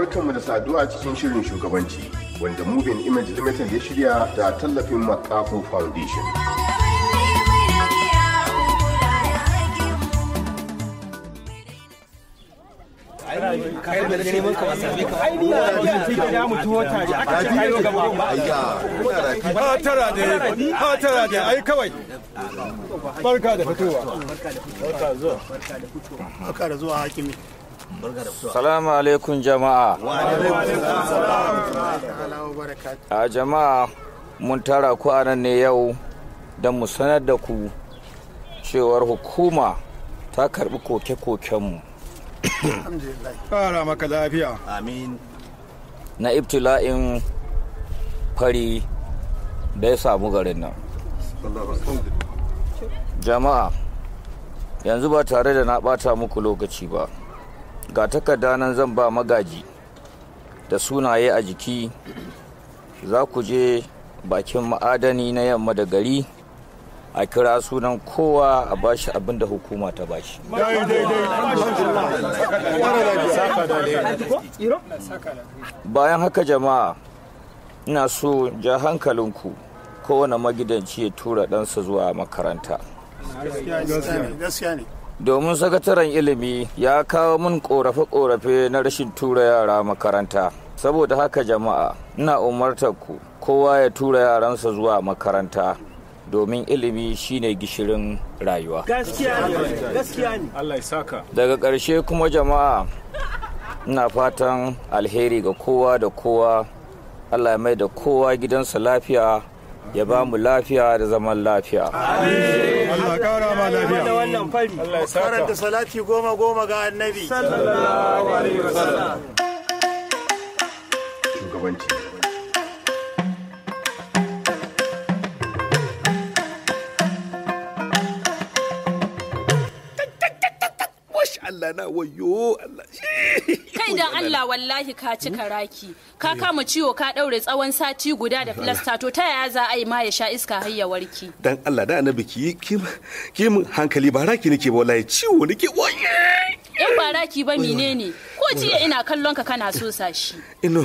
mu da saduwa cikin shirin shugabanci wanda Moving Image Limited ya shirya da tallafin Makafo Foundation. kawai barka da fitowa barka da fitowa barka da zuwa barka da fitowa barka da zuwa hakimi Salamu alaikum jama'a. A jama'a mun tara ku a nan ne yau don mu sanar da ku cewar hukuma ta karbi koke-kokenmu. Kara maka lafiya. Amin. Na ibtila'in fari da ya samu garin nan. Jama'a, yanzu ba tare da na bata muku lokaci ba. ga takarda nan zan ba magaji da sunaye a jiki za ku je bakin ma'adani na yamma da gari a kira sunan kowa a bashi abin da hukuma ta bashi. Bayan haka jama'a ina so ja hankalinku kowane magidanci ya tura ɗansa zuwa makaranta. domin sakataren ilimi ya kawo min korafe-korafe na rashin tura yara makaranta saboda haka jama'a ina umartar ku kowa ya tura yaransa zuwa makaranta domin ilimi shine gishirin rayuwa daga ƙarshe kuma jama'a ina fatan alheri ga kowa da kowa allah ya mai da kowa gidansa lafiya ya ba mu lafiya da zaman lafiya. Allah kara ma lafiya. allah wannan fari. da salati goma goma ga annabi. Sallallahu alaihi wasallam. Shugabanci. Allah na wayo Allah kai dan Allah wallahi ka cika raki ka kama ciwo ka daure tsawon sati guda da filasta to ta yaya za a yi ma ya sha iska har ya warki dan Allah da annabi ki ki mun hankali ba raki nake ba wallahi ciwo nake waye in ba raki ba menene ko jiya ina kallon ka kana so sashi ino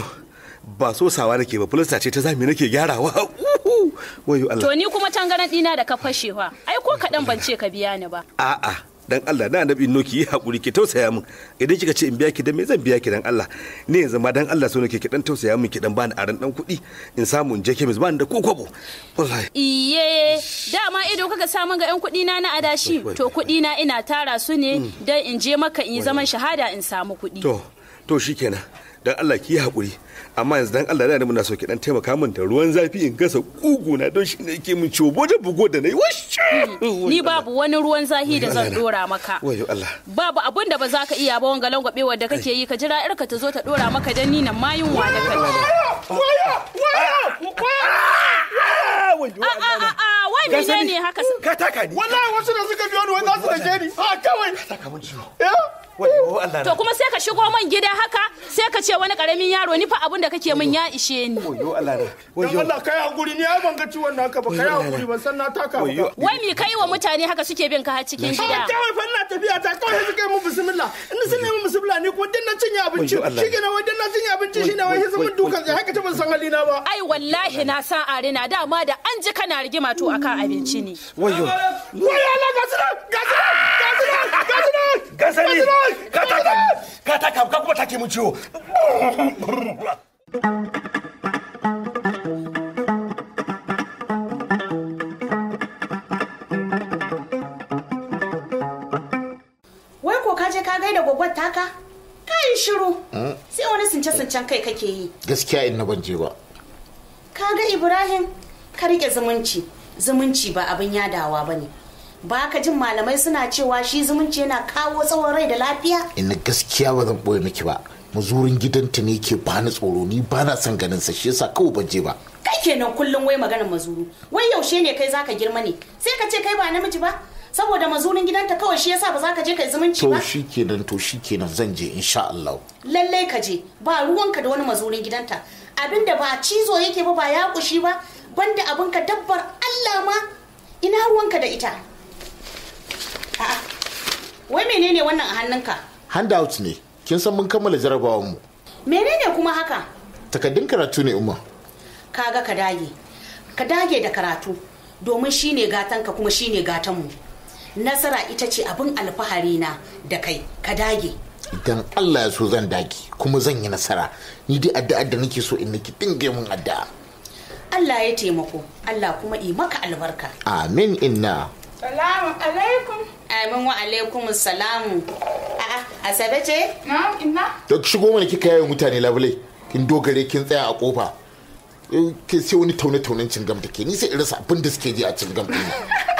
ba so sawa nake ba filasta ce ta zami nake gyarawa wayo Allah to ni kuma tangaran dina da ka fashewa ai ko kadan ban ce ka biya ni ba a'a dan Allah na annabi no ki hakuri ki tausaya min idan kika ce in biya ki dan me zan biya ki dan Allah ne yanzu ma dan Allah so nake ki dan tausaya min ki dan bani aran dan kuɗi in samu in je kemis bani da kokobo wallahi iye dama ido kaga samun ga yan kuɗi na na adashi to kuɗi na ina tara su ne hmm. dan in je maka in zaman shahada in samu kuɗi to to kenan dan Allah ki haƙuri amma yanzu dan Allah da muna so ki dan taimaka min da ruwan zafi in gasa kuguna don shi ne yake min cobo da bugo da nayi wash ni babu wani ruwan zafi da zan dora maka wayo Allah babu abun da ba za ka iya ba wanga bewa da kake yi ka jira irka ta zo ta dora maka dan ni nan mayun wa da kai waya waya waya waya ah, ah, ah, wai menene haka ka taka ni wallahi wasu da suka biyo ni wai za su da ni ha kawai ka taka mun ciwo eh? To kuma sai ka shigo min gida haka sai ka ce wani karamin yaro ni fa abin da kake min ya ishe ni. Wayo Allah ne. Wayo Allah kai hakuri ni ai ban ga ciwon haka ba kai hakuri ban san na taka ba. Wai me kai wa mutane haka suke bin ka har cikin gida. Kawai fa ina tafiya ta kawai sai kai mu bismillah. In sun mu bismillah ni ko dinna cinye abinci. Shige na wai dinna cinye abinci shine wai sai mun dukan sai haka ta ban san halina ba. Ai wallahi na san arena dama da an ji kana rigima to akan abinci ne. Wayo. Wayo Allah ga su ga su ka sani ka ka kuma take mun ciwo wai ko ka je ka gaida gogon taka kai shiru hmm? sai wani since-sincen kai kake yi gaskiya in na banje ba ka ga ibrahim ka rike zumunci zumunci ba abin yadawa ba ne baka jin malamai suna cewa shi zumunci yana kawo tsawon rai da lafiya ina gaskiya ba zan boye miki ba mazurin gidanta ne ke bani tsoro ni ba na son ganin sa shi yasa kawai ban je ba kai kenan kullum wai maganar mazuru wai yaushe ne kai zaka girma ne sai ka ce kai ba namiji ba saboda mazurin gidanta kawai shi yasa ba za ka je kai zumunci ba to shikenan to shikenan zan je insha Allah lalle ka je ba ruwanka da wani mazurin gidanta abinda ba cizo yake ba ba ya kushi ba banda abinka dabbar Allah ma ina ruwanka da ita Wai menene wannan a hannunka? Handout ne. Kin san mun kammala jarabawan mu. Menene kuma haka? Takaddun karatu ne umma. ga ka dage. Ka dage da karatu domin shine gatanka kuma shine gatan mu. Nasara ita ce abin alfahari na da kai. Ka dage. Idan Allah ya so zan dage kuma zan yi nasara. Ni dai addu'ar da nake so in nake dinga mun addu'a. Allah ya taimako, Allah kuma yi maka albarka. Amin inna. Salamu alaikum. Amin wa alaikum salam A'a, Asabe ce? Na'am, inna. Da shigo mana kika yayin mutane labule, kin dogare kin tsaya a kofa. Eh, ke sai wani taune-taunen cingam da ke ni sai irisa abin da suke ji a cingam ɗin.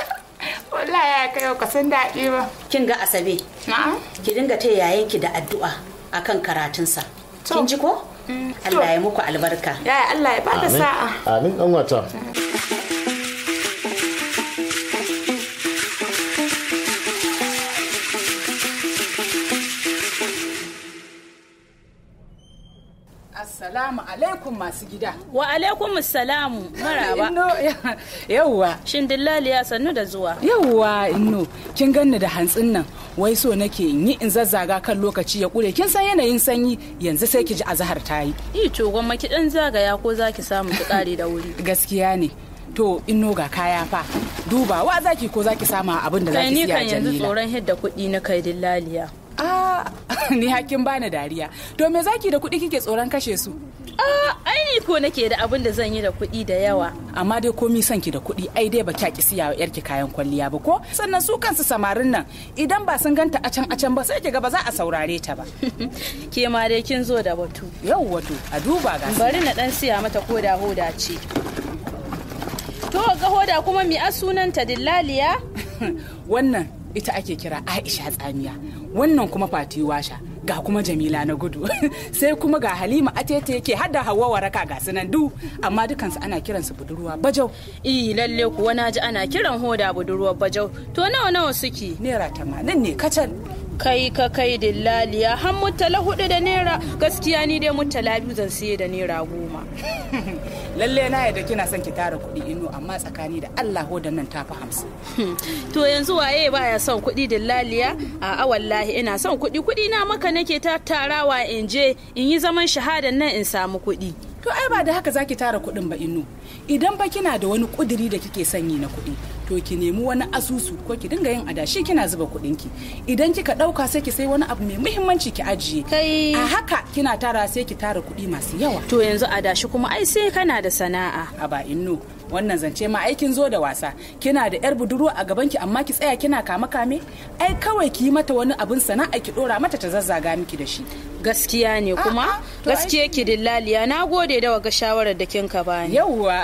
Wallahi ya kai ka san daɗi ba. Kin ga Asabe? Na'am. Ki dinga ta ki da addu'a akan karatun sa. Kin ji ko? Mm, Allah ya muku albarka. Ya Allah ya bada sa'a. Amin ɗan wata. Mm. Salamu alaikum masu gida. Wa alaikum salamu maraba. Inno yawwa. Shin dillali ya sannu da zuwa. Yawwa inno kin ganni da hantsin nan wai so nake in yi in zazzaga kan lokaci ya kure kin san yanayin sanyi yanzu sai ki ji azahar ta yi. Yi to gwamma ki dan zagaya ko zaki samu ki kare da wuri. Gaskiya ne. To inno ga kaya fa dubawa zaki ko zaki samu abin da zaki siya jamila. Kai ni kan yanzu tsoron hidda kuɗi na kai dillaliya. Ah, ni hakin bani dariya. To me zaki da kuɗi kike tsoron kashe su? Ah, ai ko nake da abin da zan yi da kuɗi da yawa. Amma dai komi son ki da kuɗi, ai dai ba kya ki siya wa yarki kayan kwalliya ba ko? Sannan su kansu samarin nan, idan ba sun ganta a can a can ba sai kiga ba za a saurare ta ba. ke ma dai kin zo da batu. Yau wato, a duba ga. Bari na dan siya mata koda hoda ce. To ga hoda kuma mi a sunanta dillaliya? Wannan ita ake kira aisha tsamiya wannan kuma Fatiwasha ga kuma jamila na gudu sai kuma ga halima atete ke hada hawa waraka ga sunan amma dukansu ana kiransu budurwa bajau i lalle kuwa ji ana kiran hoda budurwa bajau to nawa nawa suke naira tamanin ne kacal kai ka kai dillaliya har mutala hudu da naira gaskiya ni dai mutala biyu zan siye da naira goma lalle na yadda kina son ki tara kuɗi inu amma tsakani da Allah da nan ta fi hamsin to yanzu waye baya son kuɗi dillaliya a wallahi ina son kuɗi kuɗi na maka nake tattarawa. in je in yi zaman shahadan nan in samu kuɗi to ai ba da haka zaki tara kuɗin ba inu idan ba kina da wani ƙuduri da kike sanyi na kuɗi to ki nemi wani asusu ko ki dinga yin adashi kina zuba kuɗin ki idan kika ɗauka sai ki sai wani abu mai muhimmanci ki ajiye a haka kina tara sai ki tara kuɗi masu yawa to yanzu adashi kuma ai sai kana da sana'a a ba inu wannan zance ma aikin zo da wasa kina da yar budurwa a gaban ki amma ki tsaya kina kame kame ai kawai ki mata wani abin sana'a ki dora mata ta zazzaga miki da shi gaskiya ne kuma gaskiya ki dillaliya na gode da ga shawarar da kinka bani yauwa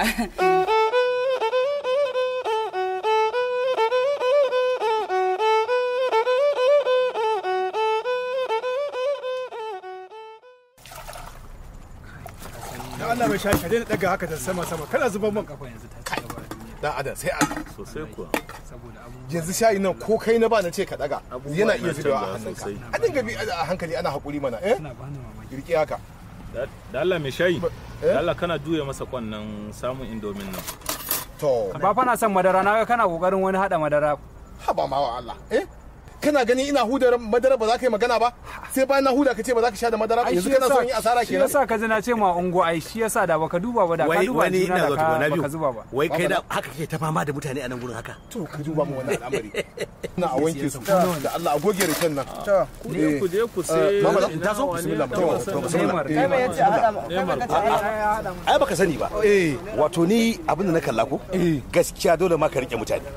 sha ka daina daga haka da sama sama kana zuban man kafa yanzu ta kai dan adam sai Allah sosai kuwa yanzu shayi ko kai na ba na ce ka daga yana iya zubewa a hannunka a dinga bi a hankali ana hakuri mana eh girki haka da Allah mai shayi eh? da Allah kana juya masa kwan nan samun indomin nan to ba fa na son madara na kana kokarin wani hada madara ma wa Allah eh kana gani ina huda madara ba za ka yi magana ba sai bayan na huda ka ce ba za ka sha da madara ba yanzu kana son yi asara kenan shi yasa ka zina ce ma ungo ai shi yasa da baka duba ba da ka duba ni ina zo na ba. wai kai da haka kake ta fama da mutane a nan gurin haka to ka duba mu wannan al'amari ina a wanke su da Allah a goge rikan nan ne eh. ku je eh, ku sai mama ta zo bismillah to bismillah eh. kai yace ai baka sani ba wato ni abin da na kalla ko gaskiya dole ma ka rike mutane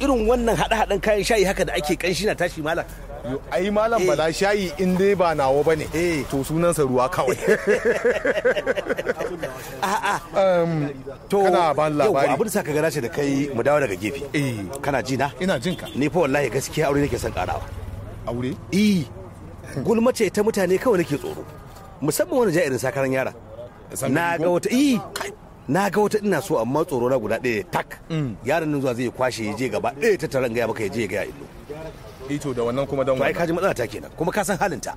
irin wannan haɗe-haɗen kayan shayi haka da ake kanshi na tashi malam ai malam eh. bala shayi in dai ba nawa ba ne eh. to sunansa ruwa kawai um, to yau abin sa ka gara da kai mu dawo daga gefe eh. kana ji na ina jin ka ni fa wallahi gaskiya aure nake son karawa aure eh ce ta mutane kawai nake tsoro musamman wani ja'irin sakaran yara na ga wata eh na ga wata ina so amma tsoro na guda ɗaya tak mm. yaron nan zuwa zai kwashe ya je gaba ɗaya ta taron gaya maka ya je ya gaya illo ito da wannan kuma don wani to ai kaji matsala ta kenan kuma ka san halin ta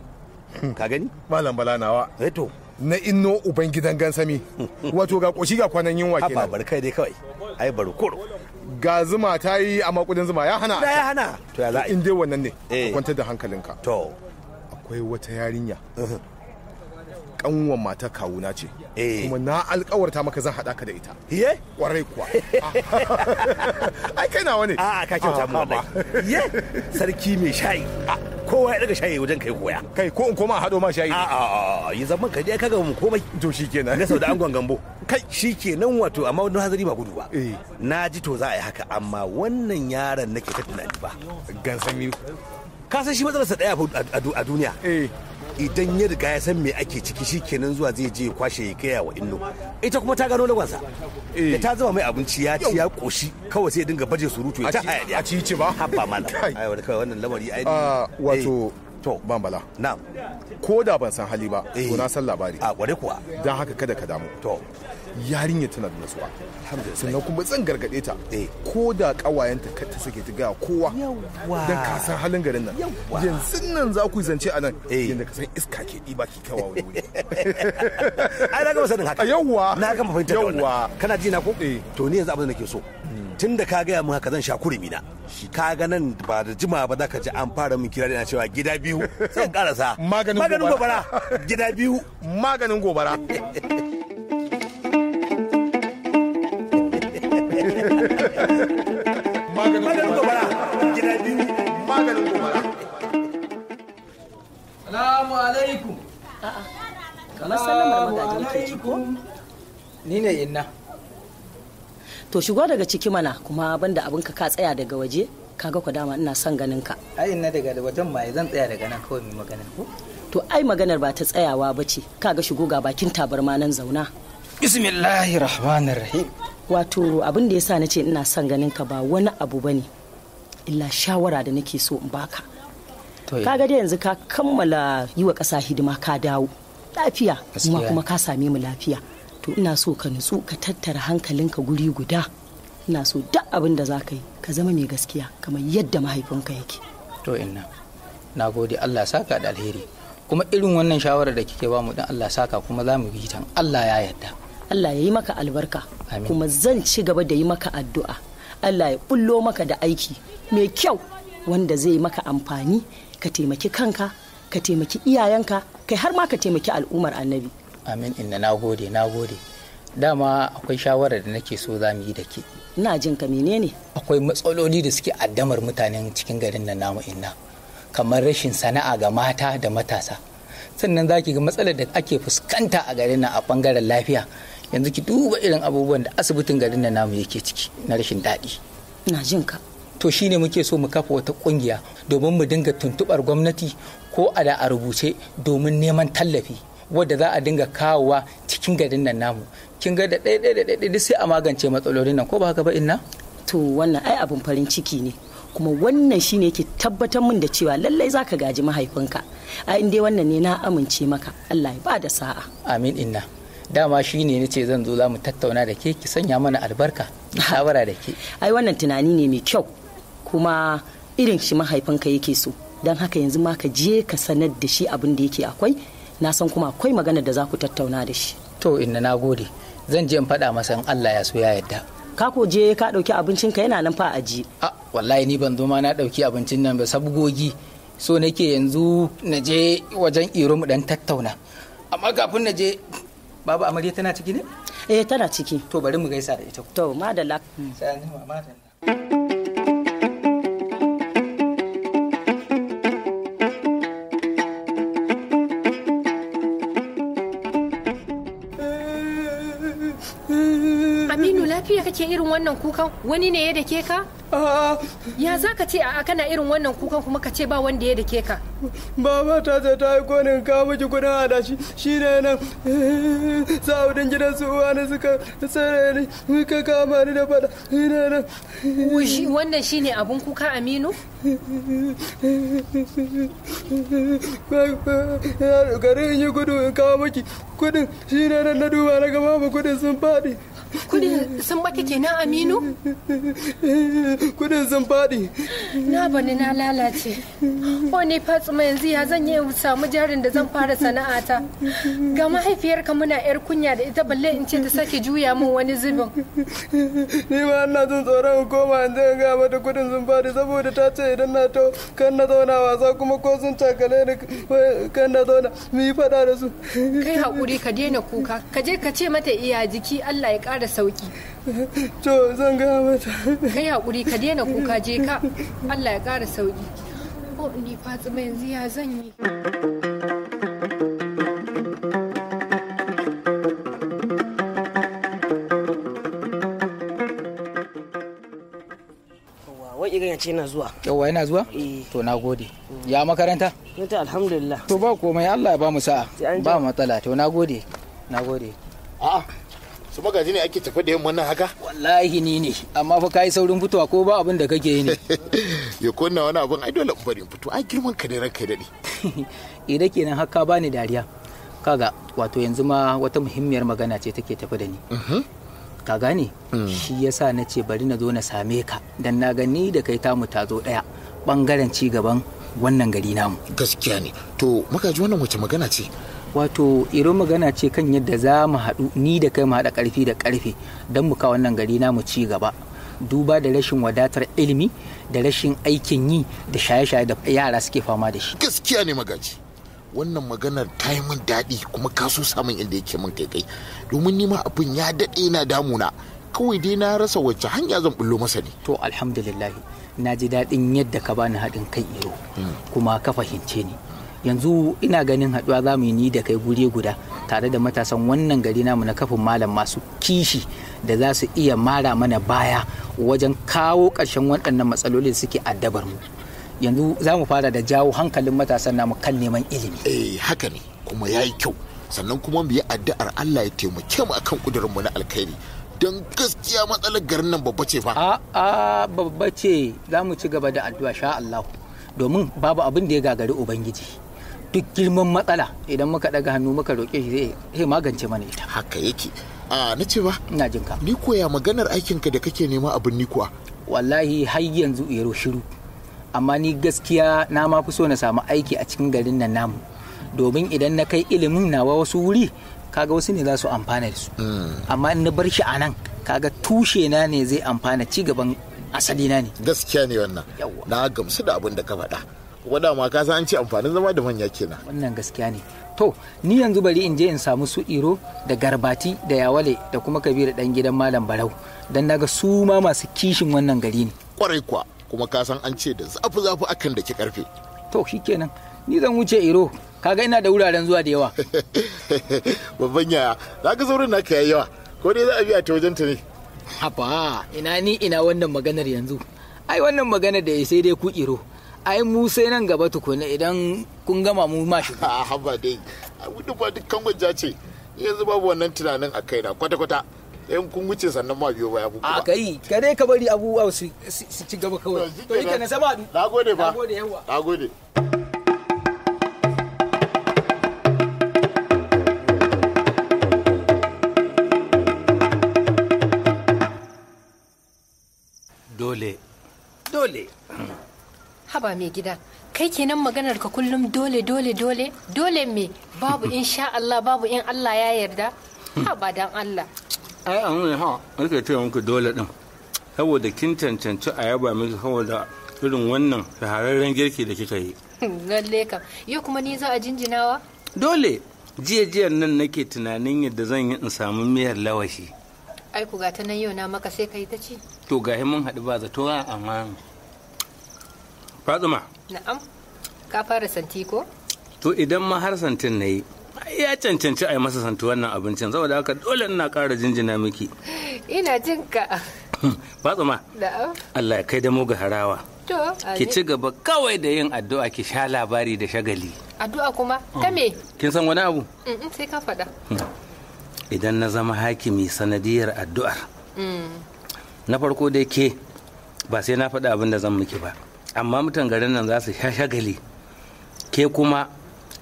hmm. ka gani malam bala nawa eto eh na inno uban gidan gansami wato ga koshi ga kwanan yin kenan haba kai dai kawai ai barkuro ga zuma ta yi a makudin zuma ya hana ya hana to ya za in dai wannan ne eh. kwantar da hankalinka to akwai wata yarinya uh-huh. kanwan matar kawuna ce eh. kuma na alkawarta maka zan haɗa ka da ita ye kwarai kuwa ai kai nawa ne a ka kyauta ah, mu wallahi ye sarki mai shayi kowa ya daga shayi wajen kai koya kai ko in koma haɗo ma shayi a'a yi zaman ka je ka ga mu komai to shikenan na sau da angon gambo kai shikenan wato amma wannan hazari ba gudu ba eh. na ji to za a yi haka amma wannan yaron nake ta tunani ba gansan ka san shi matsalarsa daya a duniya eh. idan ya riga ya san me ake ciki shi kenan zuwa zai je kwashe ya kai wa inno ita kuma ta gano lagwansa eh. da ta zama mai abinci ya ci ya koshi kawai sai ya dinga baje surutu ya ta hayaniya a ci ce ba haba mana ai wannan lamari ai ah, wato eh. to ban bala Na. ko da ban san hali ba to eh. na san labari a kware kuwa dan haka kada ka damu to yarinya tana da nasuwa alhamdulillah sannan kuma zan gargade ta eh. ko da kawayenta kar ta sake ta ga kowa dan ka san halin garin nan yanzu nan za ku zance a nan eh. yanda ka san iska ke diba ki kawa wani wuri ai na gama sanin haka yawwa na gama fahimtar yawwa kana ji na ko to ni yanzu abin da nake so tun da ka gaya mu haka zan sha kurimi na ka ga nan ba da jima ba za ka ji an fara min kira da cewa gida biyu sai karasa maganin gobara gida biyu maganin gobara maganin gobara gida biyu maganin gobara salamu alaikum salamu alaikum ni ne inna to shigo daga ciki mana kuma banda abin ka ka tsaya daga waje kaga ku dama ina son ganin ka ai ina daga wajen ma zan tsaya daga nan kawai mai magana ko to ai maganar ba ta tsayawa ba ce kaga shigo ga bakin tabarma nan zauna bismillahir rahmanir rahim wato abin da yasa nace ina son ganin ka ba wani abu bane illa shawara da nake so in baka kaga dai yanzu ka kammala yi wa ƙasa hidima ka dawo lafiya kuma kuma ka same mu lafiya to ina so ka nutsu ka tattara hankalinka guri guda ina so duk abin da za ka yi ka zama mai gaskiya kamar yadda mahaifinka yake to inna na gode allah saka da alheri kuma irin wannan shawarar da kike ba mu dan allah saka kuma za mu bi allah ya yarda allah ya yi maka albarka kuma zan ci gaba da yi maka addu'a allah ya bullo maka da aiki mai kyau wanda zai maka amfani ka taimaki kanka ka taimaki iyayenka kai har ma ka taimaki al'ummar annabi amin inna na gode na gode dama akwai shawarar da nake so za mu yi da ke ina jin ka menene akwai matsaloli da suke addamar mutanen cikin garin nan namu inna kamar rashin sana'a ga mata da matasa sannan zaki ga matsalar da ake fuskanta a garin nan a bangaren lafiya yanzu ki duba irin abubuwan da asibitin garin nan namu yake ciki na rashin daɗi ina jin ka to shine muke so mu kafa wata kungiya domin mu dinga tuntubar gwamnati ko a da a rubuce domin neman tallafi wadda za a dinga kawowa cikin garin nan namu kin ga da ɗaya ɗaya ɗaya sai a magance matsalolin nan ko ba haka ba inna to wannan ai abun farin ciki ne kuma wannan shine yake tabbatar min da cewa lallai zaka gaji mahaifinka a in wannan ne na amince maka Allah ya ba da sa'a amin inna dama shine nace zan zo zamu tattauna da ke ki sanya mana albarka shawara da ke ai wannan tunani ne mai kyau kuma irin shi mahaifinka yake so don haka yanzu ma ka je ka sanar da shi abin da yake akwai na san kuma akwai magana da za ku tattauna da shi to inna na gode zan je in faɗa masa in Allah ya so ya yarda ka ko je ka ɗauki abincin ka yana nan fa aji a wallahi ni ban zo ma na ɗauki abincin nan ba sabgogi so nake yanzu na je wajen iro mu dan tattauna amma kafin na je baba amarya tana ciki ne eh tana ciki to bari mu gaisa da ita to madalla sai an madalla lafiya kake irin wannan kukan wani ne ya dake ka ah. ya za ka ce a kana irin wannan kukan kuma ka ce ba wanda ya dake ka baba ta ce ta yi konin ka miki kudin shi ne nan sa'udin gidan su uwa ne suka tsare ni ka kama ni da fada shi ne nan wannan shi ne abun kuka aminu garin yi gudu in kawo miki kudin shi ne nan na duba na gaba mu kudin sun faɗi kudin sun baki kenan aminu kudin sun faɗi na ni na lalace wani fatsuma yanzu ya zan yi samu jarin da zan fara sana'ata ga mahaifiyarka muna yar kunya da ita balle in ce ta sake juya min wani zubin ni ma ina jin tsoron koma in zai ga mata kudin sun faɗi saboda ta ce idan na to kan na zauna wasa kuma ko sun cakale ni kan na zauna mu yi faɗa da su kai hakuri ka daina kuka ka je ka ce mata iya jiki Allah ya ƙara da sauki to zan gaya mata kai hakuri ka daina kuka je ka Allah ya ƙara sauki ko ni Fatima yanzu ya zan yi wai igan ya ce na zuwa yauwa yana zuwa eh. to na gode ya makaranta ta alhamdulillah to ba komai Allah ya ba mu sa'a ba matsala to na gode na gode a'a su magaji ne ake tafi da yamma wannan haka wallahi ni ne amma fa kai saurin fitowa ko ba abin da kake yi ne ya kunna wani abin ai dole bari in fito ai girman ka ne ranka dade idan eh, kenan haka bani dariya kaga wato yanzu ma wata muhimmiyar magana ce take tafi da ni mhm. ka gane mm. shi yasa na ce bari na zo na same ka dan na gani da kai ta mu tazo daya bangaren ci gaban wannan gari namu gaskiya ne to magaji wannan wace magana ce wato iro magana ce kan yadda za mu haɗu ni da kai mu haɗa ƙarfi da ƙarfe don mu ka wannan gari na mu ci gaba duba da rashin wadatar ilimi da rashin aikin yi da shaye-shaye da yara suke fama da shi gaskiya ne magaji wannan maganar ta yi min daɗi kuma ka so samun inda yake min kai kai domin nima abin ya daɗe na damuna kawai dai na rasa wacce hanya zan bullo masa ne to alhamdulillah na ji daɗin yadda ka bani haɗin kai iro hmm. kuma ka fahimce ni yanzu ina ganin haɗuwa za mu yi ni da kai guri guda tare da matasan wannan gari namu na kafin malam masu kishi da za su iya mara mana baya wajen kawo ƙarshen waɗannan matsalolin suke addabar mu yanzu za mu fara da jawo hankalin matasan namu kan neman ilimi eh haka ne kuma yayi kyau sannan kuma mu yi addu'ar Allah ya taimake mu akan kudurin na alkhairi don gaskiya matsalar garin nan babba ce fa a a babba ce za mu ci gaba da addu'a sha Allah domin babu abin da ya gagari ubangiji duk girman matsala idan muka ɗaga hannu muka roƙe shi zai magance mana ita haka yake a na ce ba ina jin ni koya maganar aikinka da kake nema abin ni kuwa wallahi har yanzu yaro shiru amma ni gaskiya na ma fi so na samu aiki a cikin garin nan namu domin idan na kai ilimin nawa wasu wuri kaga wasu ne za su amfana da su hmm. amma in na bar shi a nan kaga tushe na ne zai amfana ci gaban asali na ne gaskiya ne wannan na gamsu da abin da ka faɗa wada ma ka san an ce amfanin zama da manya kenan wannan gaskiya ne to ni yanzu bari in je in samu su iro da garbati da yawale da kuma kabiru dan gidan malam barau dan naga su ma masu kishin wannan gari ne kwarai kuwa kuma ka san an ce da zafi zafi akan da ke karfe to shikenan ni zan wuce iro kaga ina da wuraren zuwa da yawa babban yaya za ka saurin naka yayi yawa ko dai za a biya ta wajen ta ne haba ina ni ina wannan maganar yanzu ai wannan maganar da sai dai ku iro ai mu sai nan gaba tukuna idan kun gama mu ma shi a haba dai duk ba dukkan gwajja ce yanzu babu wannan tunanin a kaina kwata-kwata yan kun wuce sannan ma biyo baya kuma a kai ka dai ka bari abubuwa su ci gaba kawai to yake na saba na gode ba gode na gode dole dole haba mai gida kai kenan maganar ka kullum dole dole dole dole me babu sha Allah babu in Allah ya yarda ba dan Allah ai an ne ha nake ce muku dole din saboda kin cancanci a yaba miki saboda irin wannan shahararren girki da kika yi lalle kam yau kuma ni za a jinjinawa dole jiya jiya nan nake tunanin yadda zan yi in samu miyar lawashi ai ku ga ta nan yau na maka sai kai ta ci to ga mun haɗu ba zato amma fatima na'am ka fara santi ko to idan ma har santin na yi ya cancanci a yi masa santi wannan abincin saboda haka dole ina ƙara jinjina miki ina jin ka fatima na'am allah ya kai da mu ga harawa to ki ci gaba kawai da yin addu'a ki sha labari da shagali addu'a kuma ta me mm. kin san wani abu sai ka faɗa mm. idan na zama hakimi sanadiyar addu'ar mm. na farko dai ke ba sai na faɗa abin da zan miki ba amma mutan garin nan za su sha shagali ke kuma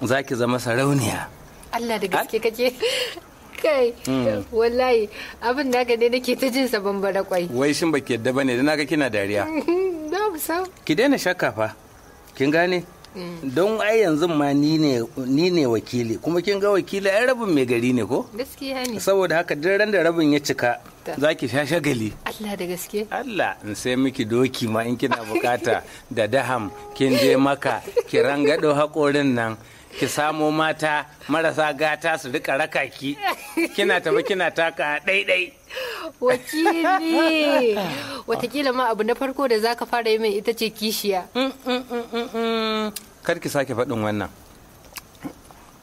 za ki zama sarauniya Allah da gaske kake kai hmm. wallahi abin da gane nake ta jin sa bambara kwai wai shin baki yadda bane na naga kina dariya ki daina shakka fa kin gane don ai yanzu ma ni ne wakili kuma kin ga wakili ai rabin mai gari ne ko gaskiya ne saboda haka duk ran rabin ya cika za ki sha shagali Allah da gaske Allah in sai miki doki ma in kina bukata da daham kin je maka ki rangado hakorin nan ki samo mata marasa gata su rika raka ki kina tafi kina taka daidai wakili watakila ma abu na farko da zaka fara yi min ita ce kishiya mm, mm, mm, kar ki sake faɗin wannan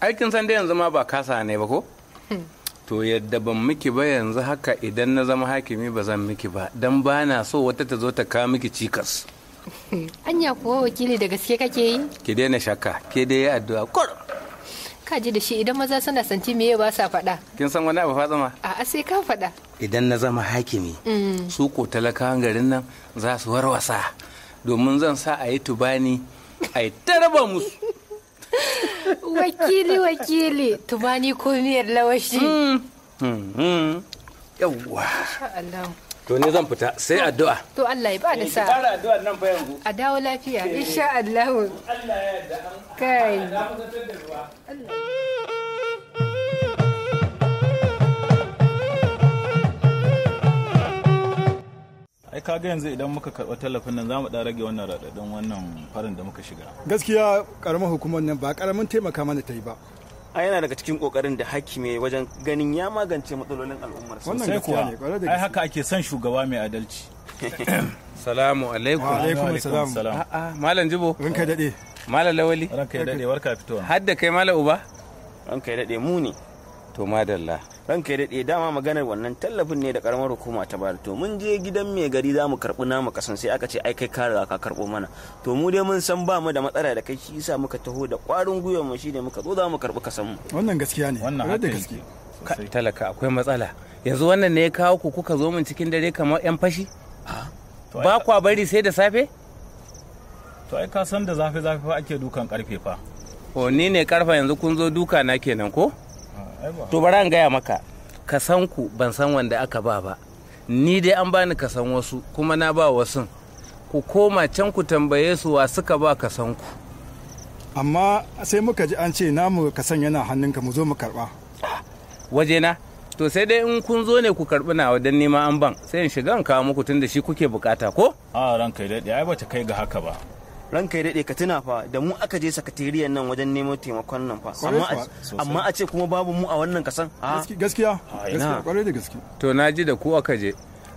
aikin sanda yanzu ma ba kasa ne ba ko hmm. to yadda ban miki ba yanzu haka idan na zama hakimi ba zan miki ba don ba na so wata ta zo ta kawo miki cikas anya kuwa wakili da gaske kake yi ki daina shakka ke dai addu'a kur ka ji da shi idan maza suna santi meye ba sa faɗa kin san wani abu fatsama a sai ka faɗa idan na zama hakimi mm. su ko talakawan garin nan za su warwasa domin zan sa a yi tubani a yi taraba musu wakili wakili tubani ko miyar lawashi mm, mm, yawwa to ni zan fita sai addu'a to Allah ya ba da sa fara addu'a nan fa yanzu a dawo lafiya eh. insha Allah Allah ya yarda kai ai kaga yanzu idan muka karɓa tallafin nan za mu da rage wannan radadin wannan farin da muka shiga gaskiya karamar hukumar nan ba karamin taimaka mana ta yi ba a yana daga cikin kokarin da hakimi wajen ganin ya magance matsalolin al'ummar sai kuwa ai haka ake son shugaba mai adalci salamu alaikum alaikum salam malam jibo ranka dade malam lawali ranka ya dade warka fitowa hadda kai malam uba ranka ya dade mu ne to madalla ranka ya daɗe dama maganar wannan tallafin ne da karamar hukuma ta bayar to mun je gidan mai gari za mu karɓi namu kasan sai aka ce ai kai ka riga ka karɓo mana to mu dai mun san ba mu da matsala da kai shi yasa muka taho da ƙwarin gwiwa mu shine muka zo za mu karɓi kasan mu wannan gaskiya ne wannan da gaskiya talaka akwai matsala yanzu wannan ne ya kawo ku kuka zo mun cikin dare kamar yan fashi ba kwa bari sai da safe to ai ka san da zafi zafi fa ake dukan karfe fa o ni ne karfa yanzu kun zo duka na kenan ko to bari an gaya maka ka ku ban san wanda aka ba ba ni dai an bani kasan wasu kuma na ba wasu ku koma can ku tambaye su wa suka ba ka ku amma sai muka ji an ce namu ka san yana hannunka mu zo mu karba waje na to sai dai in kun zo ne ku karbi nawa don nema an ban sai in shiga in kawo muku tun da shi kuke bukata ko a ranka dai ai bata kai ga haka ba ranka ya daɗe ka tuna fa da mu aka je sakatariyar nan wajen neman taimakon nan fa amma a ce kuma babu mu a wannan kasan gaskiya gaskiya kwarai da gaske to na ji da ku aka je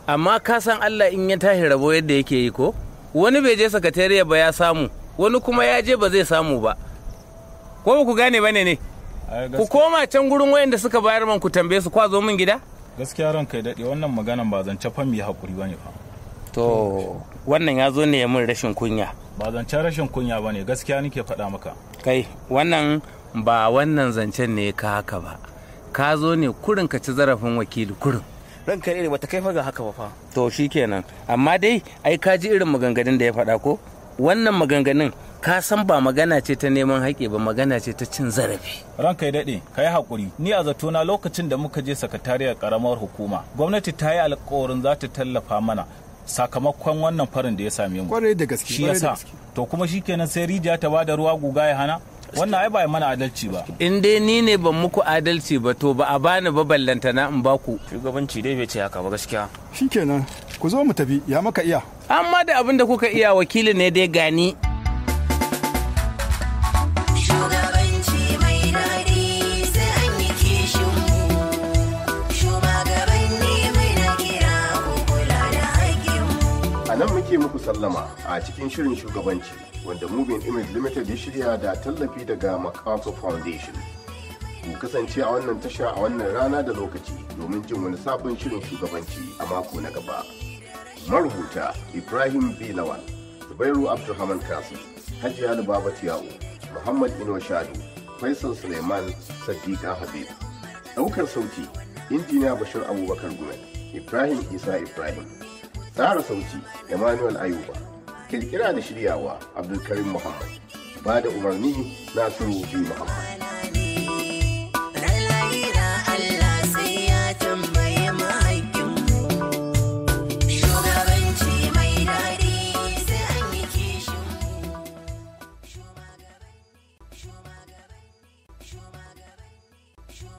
amma ka san Allah in ya tashi rabo yadda yake yi ko wani bai je sakatariya ba ya samu wani kuma ya je ba zai samu ba ko ku gane bane ne ku koma can gurin wayanda suka bayar man ku tambaye su zo min gida gaskiya ranka ya daɗe wannan maganan ba zance fa mu yi hakuri bane fa to wannan ya zo ne ya min rashin kunya ba zancen rashin kunya ba ne gaskiya nake faɗa maka kai wannan ba wannan zancen ne ka haka ba ka zo ne kurin ka ci zarafin wakili kurin ranka ne bata kai ga haka ba fa to shikenan amma dai ai ka ji irin maganganun da ya faɗa ko wannan maganganun ka san ba magana ce ta neman haƙe ba magana ce ta cin zarafi. ran kai daɗe, ka yi haƙuri. Ni a zatona lokacin da muka je sakatariyar karamar hukuma, gwamnati ta yi alƙawarin za ta tallafa mana sakamakon wannan farin da ya same mu kwarai da gaske to kuma shikenan sai rijiya ta bada ruwa guga ya hana wannan ai ba mana adalci ba in dai ni ne ban muku adalci ba to ba a bani ba ballantana in baku shugabanci dai bai ce haka ba gaskiya shikenan ku zo mu tafi ya maka iya amma da abin da kuka iya wakili ne dai gani sallama a cikin shirin shugabanci wanda Moving Image Limited ya shirya da tallafi daga MacArthur Foundation. Ku kasance a wannan tasha a wannan rana da lokaci domin jin wani sabon shirin shugabanci a mako na gaba. Marubuta Ibrahim B. Lawal, Zubairu abdulhaman kasu Hajiya baba Tiyau, Muhammad Ino Shadu, Faisal Suleiman Sadiqa Habib. Daukar sauti, Injiniya Bashir Abubakar gumel Ibrahim Isa Ibrahim. Tsara sauti Emmanuel Ayuba. Kirkira da shiryawa Abdulkarim Muhammad. Ba da umarni Nasiru Muhammad.